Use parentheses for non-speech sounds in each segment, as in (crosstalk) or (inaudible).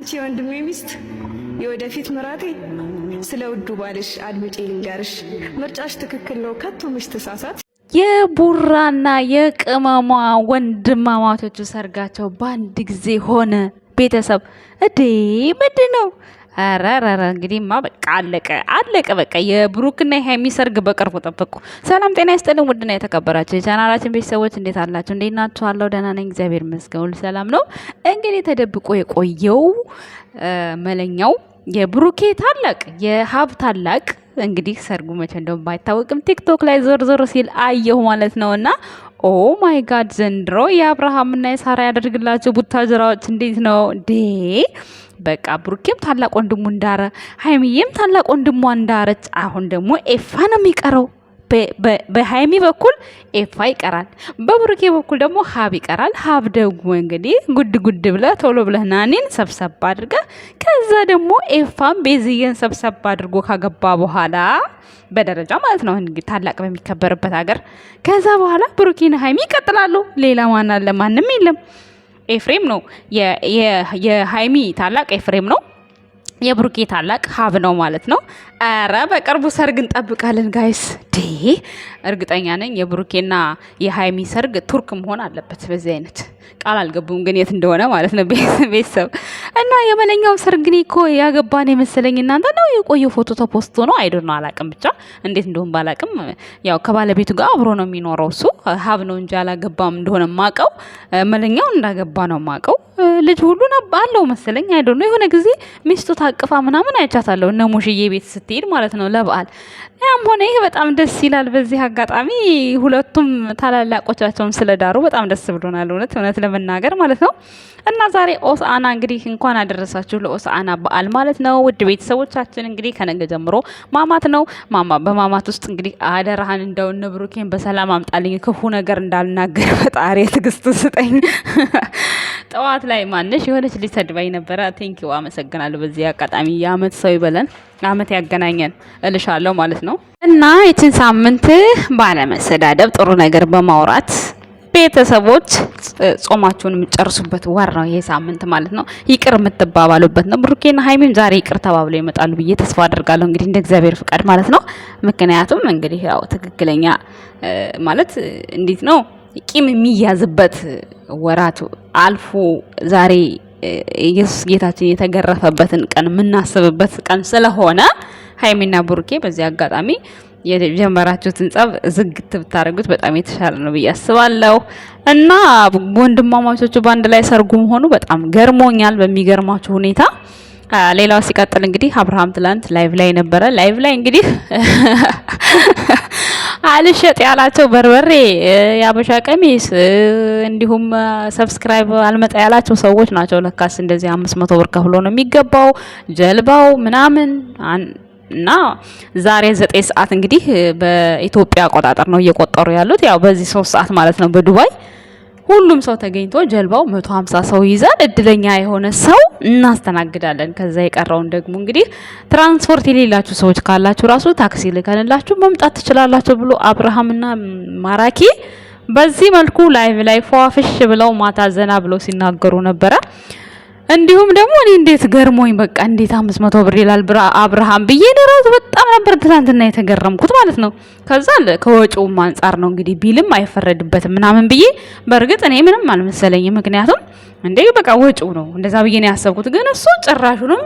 አንቺ የወንድሜ ሚስት የወደፊት ምራቴ ስለ ውዱ ባልሽ አድምጪ ልንገርሽ፣ ምርጫሽ ትክክል ነው፣ ከቶ ምሽ የቡራና የቅመሟ ወንድማማቶቹ ሰርጋቸው በአንድ ጊዜ ሆነ። ቤተሰብ እዴ ምንድን ነው? ረረረ እንግዲህማ በቃ አለቀ አለቀ በቃ የብሩክና የሀይሚ ሰርግ በቅርቡ ጠብቁ። ሰላም ጤና ይስጥልን ውድና የተከበራቸው የቻናላችን ቤተሰቦች እንዴት አላቸው እንዴት ናችሁ? አለው ደህና ነኝ እግዚአብሔር ይመስገን፣ ሁሉ ሰላም ነው። እንግዲህ ተደብቆ የቆየው መለኛው የብሩኬ ታላቅ የሀብ ታላቅ እንግዲህ ሰርጉ መቼ እንደውም ባይታወቅም ቲክቶክ ላይ ዞር ዞር ሲል አየሁ ማለት ነው እና ኦ ማይ ጋድ ዘንድሮ የአብርሃምና የሳራ ያደርግላቸው ቡታጅራዎች እንዴት ነው ዴ በቃ ብሩኬም ታላቅ ወንድሙ እንዳረ፣ ሀይሚዬም ታላቅ ወንድሟ እንዳረች፣ አሁን ደግሞ ኤፋ ነው የሚቀረው። በሀይሚ በኩል ኤፋ ይቀራል፣ በብሩኬ በኩል ደግሞ ሀብ ይቀራል። ሀብ ደግሞ እንግዲህ ጉድ ጉድ ብለ ቶሎ ብለህ ናኔን ሰብሰብ አድርገ ከዛ ደግሞ ኤፋን ቤዝየን ሰብሰብ አድርጎ ካገባ በኋላ በደረጃ ማለት ነው እንግዲህ ታላቅ በሚከበርበት ሀገር ከዛ በኋላ ብሩኬን ሀይሚ ይቀጥላሉ። ሌላ ማን አለ? ማንም የለም። ኤፍሬም ነው የሀይሚ ታላቅ ኤፍሬም ነው። የብሩኬ ታላቅ ሀብ ነው ማለት ነው። ኧረ በቅርቡ ሰርግ እንጠብቃለን ጋይስ። እርግጠኛ ነኝ የብሩኬና የሀይሚ ሰርግ ቱርክ መሆን አለበት በዚህ አይነት ቃል አልገቡም፣ ግን የት እንደሆነ ማለት ነው። ቤተሰብ እና የመለኛውም ሰርግ እኔ እኮ ያገባን የመሰለኝ እናንተ ነው። የቆየ ፎቶ ተፖስቶ ነው አይዶ ነው አላቅም፣ ብቻ እንዴት እንደሆን ባላቅም፣ ያው ከባለቤቱ ጋር አብሮ ነው የሚኖረው እሱ። ሀብ ነው እንጂ አላገባም እንደሆነ ማቀው፣ መለኛው እንዳገባ ነው ማቀው። ልጅ ሁሉ አለው መሰለኝ አይዶ ነው። የሆነ ጊዜ ሚስቱ ታቅፋ ምናምን አይቻታለሁ እነ ሙሽዬ ቤት ስትሄድ ማለት ነው ለበዓል። ያም ሆነ ይህ በጣም ደስ ይላል። በዚህ አጋጣሚ ሁለቱም ታላላቆቻቸውም ስለዳሩ በጣም ደስ ብሎናል። እውነት እውነት ለመናገር ማለት ነው። እና ዛሬ ኦሳአና እንግዲህ እንኳን አደረሳችሁ ለኦሳአና በዓል ማለት ነው። ውድ ቤተሰቦቻችን እንግዲህ ከነገ ጀምሮ ማማት ነው። ማማ በማማት ውስጥ እንግዲህ አደራህን እንደው እነ ብሩኬን በሰላም አምጣልኝ፣ ክፉ ነገር እንዳልናገር (laughs) ፈጣሪ ትግስት ስጠኝ። (laughs) ጠዋት ላይ ማንሽ የሆነች ልጅ ሰድባኝ ነበረ። ቴንኪው አመሰግናለሁ። በዚህ አጋጣሚ የአመት ሰው ይበለን፣ አመት ያገናኘን እልሻለሁ ማለት ነው። እና ይችን ሳምንት ባለመሰዳደብ ጥሩ ነገር በማውራት ቤተሰቦች ጾማችሁን የምጨርሱበት ወር ነው ይሄ ሳምንት ማለት ነው። ይቅር የምትባባሉበት ነው። ብሩኬና ሀይሚም ዛሬ ይቅር ተባብለው ይመጣሉ ብዬ ተስፋ አደርጋለሁ። እንግዲህ እንደ እግዚአብሔር ፍቃድ ማለት ነው። ምክንያቱም እንግዲህ ያው ትክክለኛ ማለት እንዴት ነው ቂም የሚያዝበት ወራት አልፎ ዛሬ ኢየሱስ ጌታችን የተገረፈበትን ቀን የምናስብበት ቀን ስለሆነ ሀይሚና ብሩኬ በዚህ አጋጣሚ የጀመራችሁትን ጸብ ዝግት ብታደርጉት በጣም የተሻለ ነው ብዬ አስባለሁ እና ወንድማማቾቹ በአንድ ላይ ሰርጉ መሆኑ በጣም ገርሞኛል በሚገርማችሁ ሁኔታ። ሌላው ሲቀጥል እንግዲህ አብርሃም ትላንት ላይቭ ላይ ነበረ። ላይቭ ላይ እንግዲህ (laughs) አልሸጥ ያላቸው በርበሬ፣ የአበሻ ቀሚስ እንዲሁም ሰብስክራይብ አልመጣ ያላቸው ሰዎች ናቸው። ለካስ እንደዚህ አምስት መቶ ብር ከፍሎ ነው የሚገባው ጀልባው ምናምን እና ዛሬ ዘጠኝ ሰዓት እንግዲህ በኢትዮጵያ አቆጣጠር ነው እየቆጠሩ ያሉት። ያው በዚህ ሶስት ሰዓት ማለት ነው በዱባይ ሁሉም ሰው ተገኝቶ ጀልባው 150 ሰው ይዛል። እድለኛ የሆነ ሰው እናስተናግዳለን። ከዛ የቀረውን ደግሞ እንግዲህ ትራንስፖርት የሌላችሁ ሰዎች ካላችሁ ራሱ ታክሲ ልከንላችሁ መምጣት ትችላላችሁ ብሎ አብርሃምና ማራኪ በዚህ መልኩ ላይቭ ላይ ፏፍሽ ብለው ማታ ዘና ብለው ሲናገሩ ነበረ። እንዲሁም ደግሞ እኔ እንዴት ገርሞኝ በቃ እንዴት አምስት መቶ ብር ይላል አብርሃም ብዬ ንረት በጣም ነበር ትናንትና የተገረምኩት ማለት ነው። ከዛ ከወጪውም አንጻር ነው እንግዲህ ቢልም አይፈረድበትም ምናምን ብዬ በእርግጥ እኔ ምንም አልመሰለኝም። ምክንያቱም እንዴ በቃ ወጪው ነው እንደዛ ብዬ ነው ያሰብኩት። ግን እሱ ጭራሹንም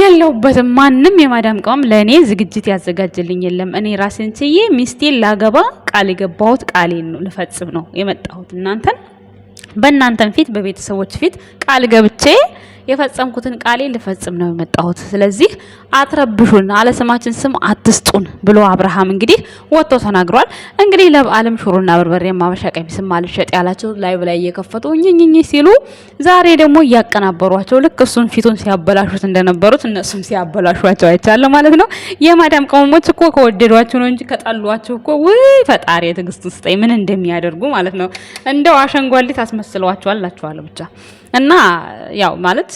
የለውበትም ማንም የማዳም ቅመም ለእኔ ዝግጅት ያዘጋጀልኝ የለም። እኔ ራሴን ችዬ ሚስቴን ላገባ ቃል የገባሁት ቃሌን ነው ልፈጽም ነው የመጣሁት እናንተን በእናንተም ፊት በቤተሰቦች ፊት ቃል ገብቼ የፈጸምኩትን ቃሌ ልፈጽም ነው የመጣሁት። ስለዚህ አትረብሹን፣ አለስማችን ስም አትስጡን ብሎ አብርሃም እንግዲህ ወጥቶ ተናግሯል። እንግዲህ ለበዓልም ሹሩና በርበሬ ማበሻ ቀሚስም አልሸጥ ያላቸው ላይ በላይ እየከፈቱ እኝኝኝ ሲሉ ዛሬ ደግሞ እያቀናበሯቸው ልክ እሱን ፊቱን ሲያበላሹት እንደነበሩት እነሱም ሲያበላሹቸው አይቻለሁ ማለት ነው። የማዳም ቅመሞች እኮ ከወደዷቸው ነው እንጂ ከጠሏቸው እኮ ውይ ፈጣሪ የትዕግስቱን ስጠኝ ምን እንደሚያደርጉ ማለት ነው። እንደው አሸንጓሊት አስመስሏቸዋል ላችኋለሁ ብቻ እና ያው ማለት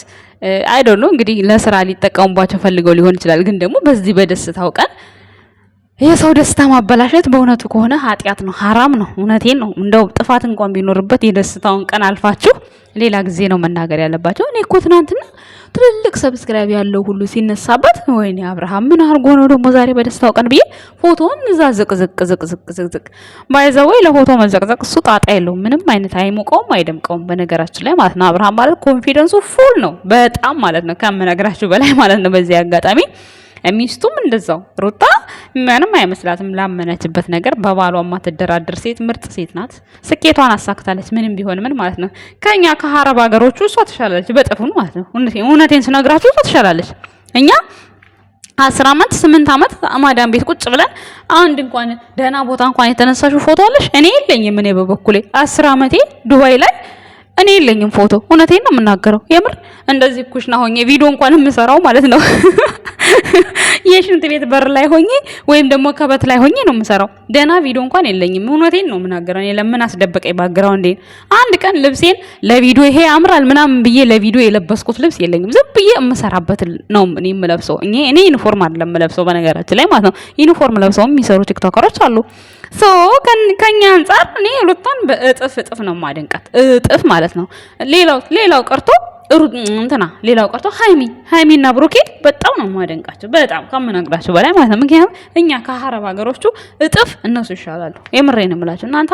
አይዶን ነው እንግዲህ ለስራ ሊጠቀሙባቸው ፈልገው ሊሆን ይችላል። ግን ደግሞ በዚህ በደስታው ቀን የሰው ደስታ ማበላሸት በእውነቱ ከሆነ ኃጢአት ነው፣ ሀራም ነው። እውነቴን ነው። እንደው ጥፋት እንኳን ቢኖርበት የደስታውን ቀን አልፋችሁ ሌላ ጊዜ ነው መናገር ያለባቸው። እኔ እኮ ትናንትና ትልልቅ ሰብስክራይብ ያለው ሁሉ ሲነሳበት ወይኔ አብርሃም ምን አርጎ ነው ደግሞ ዛሬ በደስታው ቀን ብዬ ፎቶውን እዛ ዝቅ ዝቅ ዝቅ ዝቅ ዝቅ ወይ ለፎቶ መዘቅዘቅ እሱ ጣጣ የለውም። ምንም አይነት አይሞቀውም፣ አይደምቀውም። በነገራችን ላይ ማለት ነው አብርሃም ማለት ኮንፊደንሱ ፉል ነው በጣም ማለት ነው ከምነግራችሁ በላይ ማለት ነው በዚህ አጋጣሚ ሚስቱም እንደዛው ሩጣ ምንም አይመስላትም። ላመነችበት ነገር በባሏ ማትደራደር ሴት ምርጥ ሴት ናት። ስኬቷን አሳክታለች። ምንም ቢሆን ምን ማለት ነው ከኛ ከሀረብ ሀገሮቹ እሷ ትሻላለች በጥፉን ማለት ነው። እውነቴን ስነግራችሁ እሷ ትሻላለች። እኛ አስር አመት ስምንት አመት ማዳም ቤት ቁጭ ብለን አንድ እንኳን ደህና ቦታ እንኳን የተነሳሽው ፎቶ አለሽ? እኔ የለኝም። እኔ በበኩሌ አስር አመቴ ዱባይ ላይ እኔ የለኝም ፎቶ። እውነቴን ነው የምናገረው። የምር እንደዚህ ኩሽና ሆኜ ቪዲዮ እንኳን የምሰራው ማለት ነው (laughs) የሽንት ቤት በር ላይ ሆኜ ወይም ደግሞ ከበት ላይ ሆኜ ነው የምሰራው። ደህና ቪዲዮ እንኳን የለኝም። እውነቴን ነው የምናገረው። እኔ ለምን አስደበቀኝ ባግራውንዴ። አንድ ቀን ልብሴን ለቪዲዮ ይሄ ያምራል ምናምን ብዬ ለቪዲዮ የለበስኩት ልብስ የለኝም። ዝም ብዬ የምሰራበት ነው እኔ የምለብሰው። እኔ እኔ ዩኒፎርም አይደለም የምለብሰው በነገራችን ላይ ማለት ነው። ዩኒፎርም ለብሰው የሚሰሩ ቲክቶከሮች አሉ። ሶ ከኛ አንጻር እኔ ሩታን በእጥፍ እጥፍ ነው ማደንቃት፣ እጥፍ ማለት ነው። ሌላው ሌላው ቀርቶ እንትና ሌላው ቀርቶ ሀይሚ ሀይሚና ብሩኬ በጣም ነው ማደንቃቸው፣ በጣም ከምነግራቸው በላይ ማለት ነው። ምክንያቱም እኛ ከሀረብ ሀገሮቹ እጥፍ እነሱ ይሻላሉ። የምሬን እምላችሁ እናንተ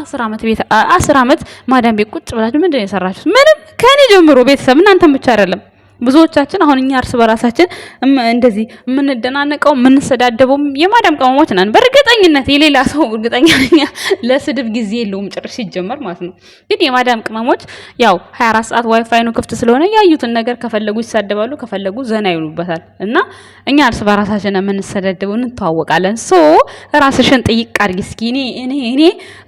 አስር ዓመት ቤት አስር ዓመት ማዳም ቤት ቁጭ ብላችሁ ምንድን ነው የሰራችሁት? ምንም ከኔ ጀምሮ ቤተሰብ እናንተም ብቻ አይደለም ብዙዎቻችን አሁን እኛ እርስ በራሳችን እንደዚህ የምንደናነቀው የምንሰዳደበው የማዳም ቅመሞች ነን። በእርግጠኝነት የሌላ ሰው እርግጠኛ ለስድብ ጊዜ የለውም ጭራሽ ሲጀመር ማለት ነው። ግን የማዳም ቅመሞች ያው 24 ሰዓት ዋይፋይ ነው ክፍት ስለሆነ ያዩትን ነገር ከፈለጉ ይሳደባሉ፣ ከፈለጉ ዘና ይሉበታል። እና እኛ እርስ በራሳችን የምንሰዳደበው እንተዋወቃለን። ሶ ራስሽን ጥይቅ አድርጊ እስኪ። እኔ እኔ እኔ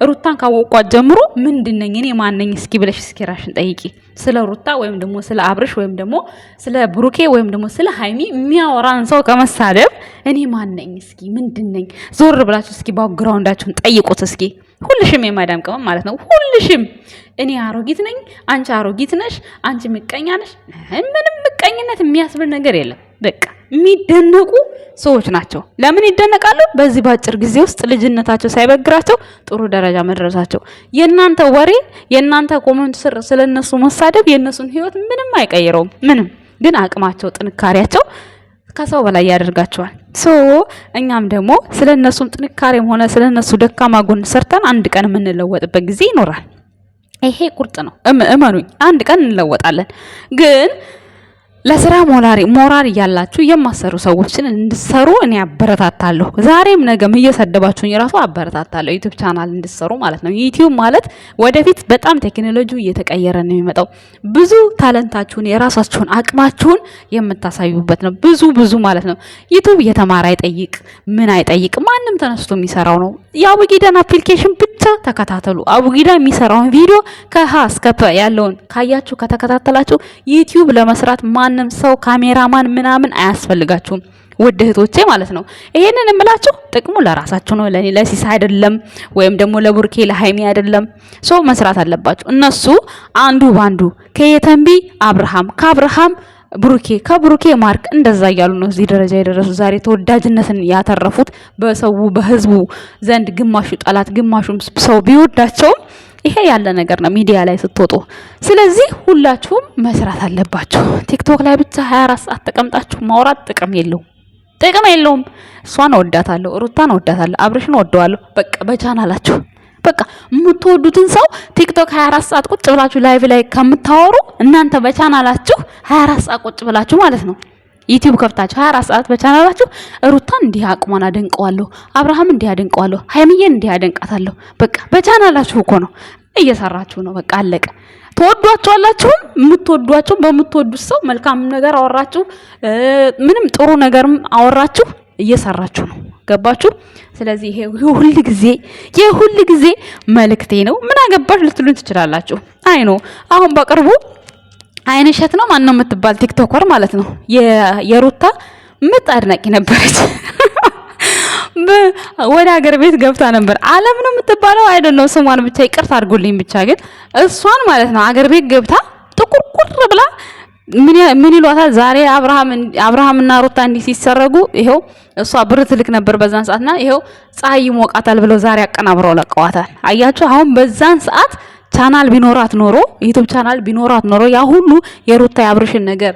ሩታን ካወቋት ጀምሮ ምንድነኝ እኔ ማነኝ እስኪ ብለሽ እስኪ ራሽን ጠይቂ። ስለ ሩታ ወይም ደግሞ ስለ አብርሽ ወይም ደግሞ ስለ ብሩኬ ወይም ደግሞ ስለ ሀይሚ የሚያወራን ሰው ከመሳደብ እኔ ማን ነኝ? እስኪ ምንድን ነኝ? ዞር ብላችሁ እስኪ ባክግራውንዳችሁን ጠይቁት እስኪ። ሁልሽም የማዳም ቅመም ማለት ነው። ሁልሽም እኔ አሮጊት ነኝ፣ አንቺ አሮጊት ነሽ፣ አንቺ ምቀኛ ነሽ። ምንም ምቀኝነት የሚያስብል ነገር የለም። በቃ የሚደነቁ ሰዎች ናቸው። ለምን ይደነቃሉ? በዚህ በአጭር ጊዜ ውስጥ ልጅነታቸው ሳይበግራቸው ጥሩ ደረጃ መድረሳቸው። የእናንተ ወሬ፣ የእናንተ ኮመንት ስር ስለነሱ መሳደብ የእነሱን ህይወት ምንም አይቀይረውም። ምንም ግን አቅማቸው፣ ጥንካሬያቸው ከሰው በላይ ያደርጋቸዋል። ሶ እኛም ደግሞ ስለነሱም ጥንካሬም ሆነ ስለነሱ ደካማ ጎን ሰርተን አንድ ቀን የምንለወጥበት ጊዜ ይኖራል። ይሄ ቁርጥ ነው። እመኑኝ፣ አንድ ቀን እንለወጣለን ግን ለስራ ሞራል እያላችሁ የማሰሩ ሰዎችን እንድሰሩ እኔ አበረታታለሁ። ዛሬም ነገም እየሰደባችሁኝ ራሱ አበረታታለሁ። ዩቲዩብ ቻናል እንድሰሩ ማለት ነው። ዩቲዩብ ማለት ወደፊት በጣም ቴክኖሎጂ እየተቀየረ ነው የሚመጣው። ብዙ ታለንታችሁን የራሳችሁን አቅማችሁን የምታሳዩበት ነው። ብዙ ብዙ ማለት ነው። ዩቲዩብ የተማረ አይጠይቅ ምን አይጠይቅ፣ ማንም ተነስቶ የሚሰራው ነው። የአቡጊዳን አፕሊኬሽን ብቻ ተከታተሉ። አቡጊዳ የሚሰራውን ቪዲዮ ከሀ እስከ ፐ ያለውን ካያችሁ ከተከታተላችሁ ዩቲዩብ ለመስራት ማንም ሰው ካሜራማን ምናምን አያስፈልጋችሁም። ውድ እህቶቼ ማለት ነው ይሄንን የምላችሁ ጥቅሙ ለራሳችሁ ነው። ለኔ ለሲስ አይደለም፣ ወይም ደግሞ ለቡርኬ ለሃይሚ አይደለም። ሶ መስራት አለባችሁ። እነሱ አንዱ ባንዱ ከየተንቢ አብርሃም ከአብርሃም ብሩኬ ከብሩኬ ማርክ እንደዛ እያሉ ነው እዚህ ደረጃ የደረሱ ዛሬ ተወዳጅነትን ያተረፉት በሰው በህዝቡ ዘንድ ግማሹ ጠላት ግማሹም ሰው ቢወዳቸውም ይሄ ያለ ነገር ነው ሚዲያ ላይ ስትወጡ። ስለዚህ ሁላችሁም መስራት አለባችሁ። ቲክቶክ ላይ ብቻ 24 ሰዓት ተቀምጣችሁ ማውራት ጥቅም የለውም፣ ጥቅም የለውም። እሷን ወዳታለሁ፣ ሩታን ወዳታለሁ፣ አብርሽን ወደዋለሁ። በቃ በቻናላችሁ በቃ የምትወዱትን ሰው ቲክቶክ 24 ሰዓት ቁጭ ብላችሁ ላይቭ ላይ ከምታወሩ እናንተ በቻናላችሁ 24 ሰዓት ቁጭ ብላችሁ ማለት ነው ዩቲዩብ ከፍታችሁ 24 ሰዓት በቻናላችሁ ሩታን እንዲህ አቅሟን አደንቀዋለሁ፣ አብርሃም እንዲህ አደንቀዋለሁ፣ ሀይምዬን እንዲህ አደንቃታለሁ። በቃ በቻናላችሁ እኮ ነው እየሰራችሁ ነው። በቃ አለቀ። ተወዷቸዋላችሁም የምትወዷቸውም በምትወዱት ሰው መልካም ነገር አወራችሁ፣ ምንም ጥሩ ነገርም አወራችሁ፣ እየሰራችሁ ነው። ገባችሁ? ስለዚህ ይሄ ሁል ጊዜ የሁል ጊዜ መልእክቴ ነው። ምን አገባሽ ልትሉኝ ትችላላችሁ። አይ ነው አሁን በቅርቡ አይንሸት ነው ማን ነው የምትባል ቲክቶከር ማለት ነው የሩታ ምጥ አድናቂ ነበረች። ወደ ሀገር ቤት ገብታ ነበር። አለም ነው የምትባለው አይደል ነው ስሟን ብቻ ይቅርታ አድርጉልኝ። ብቻ ግን እሷን ማለት ነው ሀገር ቤት ገብታ ጥቁርቁር ምን ይሏታል ዛሬ አብርሃምና ሩታ እንዲህ ሲሰረጉ ይኸው እሷ ብር ትልክ ነበር በዛን ሰዓትና ይኸው ፀሐይ ይሞቃታል ብለው ዛሬ አቀናብረው ለቀዋታል። አያችሁ አሁን በዛን ሰዓት ቻናል ቢኖራት ኖሮ ዩቱብ ቻናል ቢኖራት ኖሮ ያ ሁሉ የሩታ የአብርሽን ነገር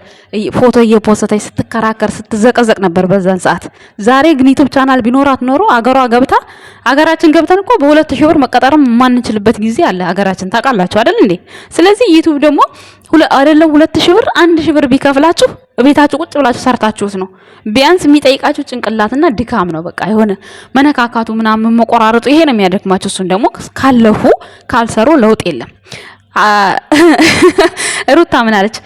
ፎቶ እየፖሰተች ስትከራከር ስትዘቀዘቅ ነበር በዛን ሰዓት። ዛሬ ግን ዩቱብ ቻናል ቢኖራት ኖሮ አገሯ ገብታ አገራችን ገብተን እኮ በሁለት ሺህ ብር መቀጠርም የማንችልበት ጊዜ አለ። አገራችን ታውቃላችሁ አይደል እንዴ? ስለዚህ ዩቱብ ደግሞ አይደለም ሁለት ሺህ ብር አንድ ሺህ ብር ቢከፍላችሁ ቤታችሁ ቁጭ ብላችሁ ሰርታችሁት ነው። ቢያንስ የሚጠይቃችሁ ጭንቅላትና ድካም ነው። በቃ የሆነ መነካካቱ ምናምን መቆራረጡ፣ ይሄ ነው የሚያደክማችሁ። እሱን ደግሞ ካለፉ ካልሰሩ ለውጥ የለም። (laughs) ሩታ ምን አለች?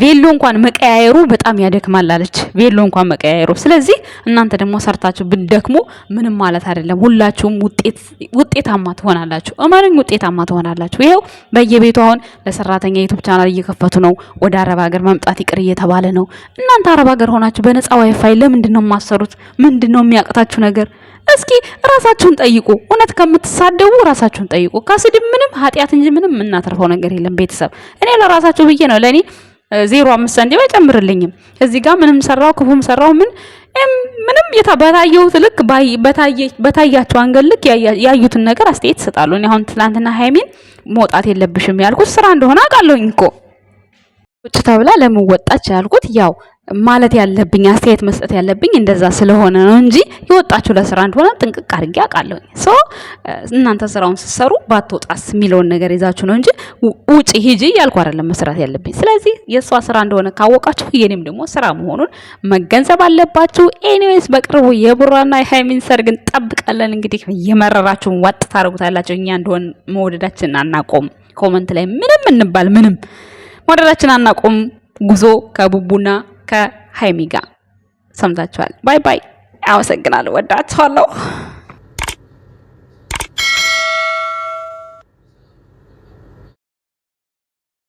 ቬሎ እንኳን መቀያየሩ በጣም ያደክማል አለች። ቬሎ እንኳን መቀያየሩ። ስለዚህ እናንተ ደግሞ ሰርታችሁ ብደክሙ ምንም ማለት አይደለም። ሁላችሁም ውጤታማ ትሆናላችሁ። እመኑኝ፣ ውጤታማ ትሆናላችሁ። ይኸው በየቤቱ አሁን ለሰራተኛ ዩቱብ ቻናል እየከፈቱ ነው። ወደ አረብ ሀገር መምጣት ይቅር እየተባለ ነው። እናንተ አረብ ሀገር ሆናችሁ በነፃ ዋይፋይ ለምንድን ነው የማሰሩት? ምንድን ነው የሚያቅታችሁ ነገር? እስኪ ራሳችሁን ጠይቁ። እውነት ከምትሳደቡ ራሳችሁን ጠይቁ። ከስድብ ምንም ኃጢአት እንጂ ምንም የምናተርፈው ነገር የለም። ቤተሰብ እኔ ለራሳችሁ ብዬ ነው። ለእኔ ዜሮ አምስት ሳንቲም አይጨምርልኝም። እዚህ ጋር ምንም ሰራው ክፉም ሰራው ምን ምንም በታየሁት ልክ በታያቸው አንገል ልክ ያዩትን ነገር አስተያየት ይሰጣሉ። እኔ አሁን ትላንትና ሀይሜን መውጣት የለብሽም ያልኩት ስራ እንደሆነ አውቃለሁኝ እኮ ቁጭ ተብላ ለምን ወጣች ያልኩት ያው ማለት ያለብኝ አስተያየት መስጠት ያለብኝ እንደዛ ስለሆነ ነው እንጂ የወጣችሁ ለስራ እንደሆነ ጥንቅቅ አድርጌ አውቃለሁኝ። ሶ እናንተ ስራውን ስትሰሩ ባትወጣስ የሚለውን ነገር ይዛችሁ ነው እንጂ ውጪ ሂጂ ያልኩ አይደለም መስራት ያለብኝ። ስለዚህ የእሷ ስራ እንደሆነ ካወቃችሁ የኔም ደግሞ ስራ መሆኑን መገንዘብ አለባችሁ። ኤኒዌይስ በቅርቡ የቡራና የሃይሚን ሰርግን ጠብቃለን። እንግዲህ የመረራችሁን ዋጥ ታደርጉታላችሁ። እኛ እንደሆን መወደዳችን አናቆም። ኮመንት ላይ ምንም እንባል ምንም ሞዴላችን አናቆም ጉዞ ከቡቡና ከሀይሚ ጋር ሰምታችኋል። ባይ ባይ። አመሰግናለሁ። ወዳችኋለሁ።